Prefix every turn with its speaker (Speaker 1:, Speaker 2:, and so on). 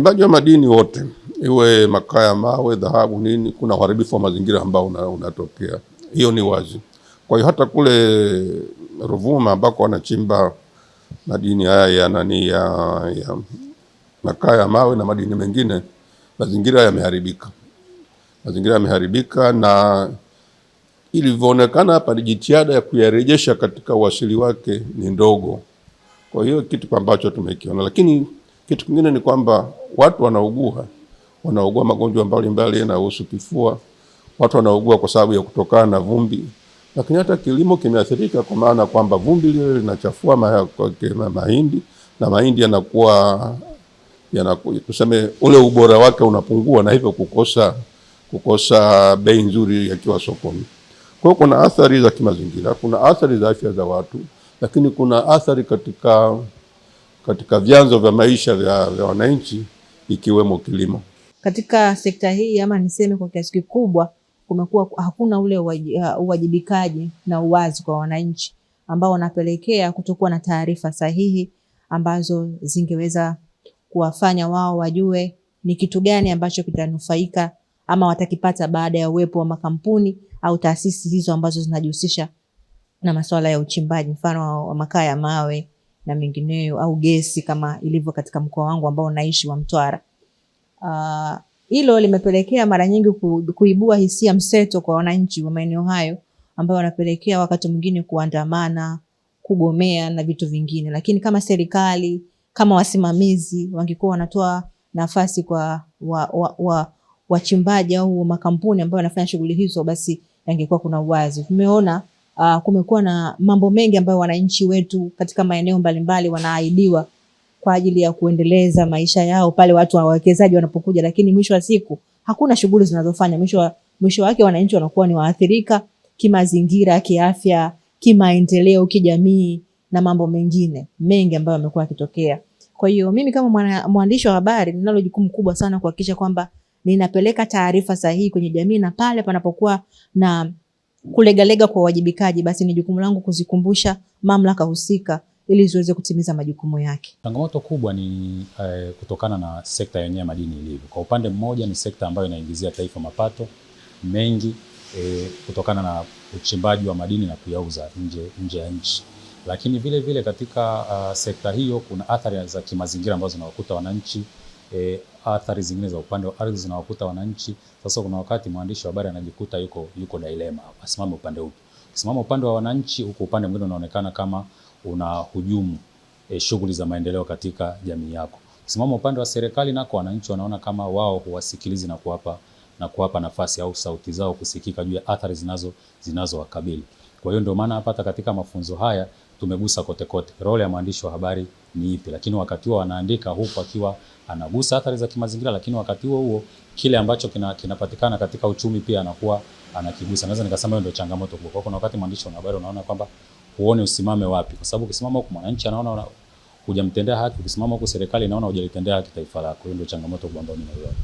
Speaker 1: Wachimbaji wa madini wote, iwe makaa ya mawe, dhahabu, nini, kuna uharibifu wa mazingira ambao unatokea una, hiyo ni wazi. Kwa hiyo hata kule Ruvuma ambako wanachimba madini haya ya nani ya, ya makaa ya mawe na madini mengine, mazingira yameharibika, mazingira yameharibika, na ilivyoonekana hapa ni jitihada ya kuyarejesha katika uasili wake ni ndogo. Kwa hiyo kitu ambacho tumekiona, lakini kitu kingine ni kwamba watu wanaugua, wanaugua magonjwa mbalimbali yanayohusu kifua. Watu wanaugua kwa sababu ya kutokana na vumbi, lakini hata kilimo kimeathirika kwa maana kwamba vumbi lile linachafua mahindi na mahindi yanakuwa yanakuwa, tuseme ule ubora wake unapungua, na hivyo kukosa kukosa bei nzuri yakiwa sokoni. Kwa hiyo kuna athari za kimazingira, kuna athari za afya za watu, lakini kuna athari katika katika vyanzo vya maisha vya, vya wananchi ikiwemo kilimo.
Speaker 2: Katika sekta hii ama niseme kwa kiasi kikubwa kumekuwa hakuna ule uh, uwajibikaji na uwazi kwa wananchi ambao wanapelekea kutokuwa na taarifa sahihi ambazo zingeweza kuwafanya wao wajue ni kitu gani ambacho kitanufaika ama watakipata baada ya uwepo wa makampuni au taasisi hizo ambazo zinajihusisha na masuala ya uchimbaji, mfano wa makaa ya mawe na mengineyo au gesi kama ilivyo katika mkoa wangu ambao naishi wa Mtwara. Ah, hilo uh, limepelekea mara nyingi ku, kuibua hisia mseto kwa wananchi wa maeneo hayo ambao wanapelekea wakati mwingine kuandamana, kugomea na vitu vingine. Lakini kama serikali kama wasimamizi wangekuwa wanatoa nafasi kwa wachimbaji wa, wa, wa au makampuni ambayo wanafanya shughuli hizo, basi yangekuwa kuna uwazi. Tumeona uh, kumekuwa na mambo mengi ambayo wananchi wetu katika maeneo mbalimbali wanaaidiwa kwa ajili ya kuendeleza maisha yao pale watu wawekezaji wanapokuja, lakini mwisho wa siku hakuna shughuli zinazofanya. Mwisho wa, mwisho wake wananchi wanakuwa ni waathirika kimazingira, kiafya, kimaendeleo, kijamii na mambo mengine mengi ambayo yamekuwa yakitokea. Kwa hiyo mimi kama mwandishi wa habari ninalo jukumu kubwa sana kuhakikisha kwamba ninapeleka taarifa sahihi kwenye jamii na pale panapokuwa na Kulegalega kwa uwajibikaji, basi ni jukumu langu kuzikumbusha mamlaka husika ili ziweze kutimiza majukumu yake.
Speaker 3: Changamoto kubwa ni eh, kutokana na sekta yenyewe madini ilivyo. Kwa upande mmoja ni sekta ambayo inaingizia taifa mapato mengi eh, kutokana na uchimbaji wa madini na kuyauza nje nje ya nchi, lakini vile vile katika uh, sekta hiyo kuna athari za kimazingira ambazo zinawakuta wananchi e, athari zingine za upande wa ardhi zinawakuta wananchi. Sasa kuna wakati mwandishi wa habari anajikuta yuko yuko dilema, asimame upande upi? Simama upande wa wananchi, huko upande mwingine unaonekana kama hujumu e, shughuli za maendeleo katika jamii yako. Simama upande wa serikali, nako wananchi wanaona kama wao huwasikilizi na kuwapa na kuwapa nafasi au sauti zao kusikika juu ya athari zinazo zinazowakabili. Kwa hiyo ndio maana hapa hata katika mafunzo haya tumegusa kote kote role ya mwandishi wa habari ni ipi, lakini wakati huo anaandika huku akiwa anagusa athari za kimazingira, lakini wakati huo huo kile ambacho kinapatikana katika uchumi pia anakuwa anakigusa. Naweza nikasema hiyo ndio changamoto kubwa. Kwa kuna wakati mwandishi wa habari unaona kwamba huone usimame wapi, kwa sababu ukisimama huku mwananchi anaona hujamtendea haki, ukisimama huku serikali inaona hujalitendea haki taifa lako. Hiyo ndio changamoto kubwa ambayo ninaiona.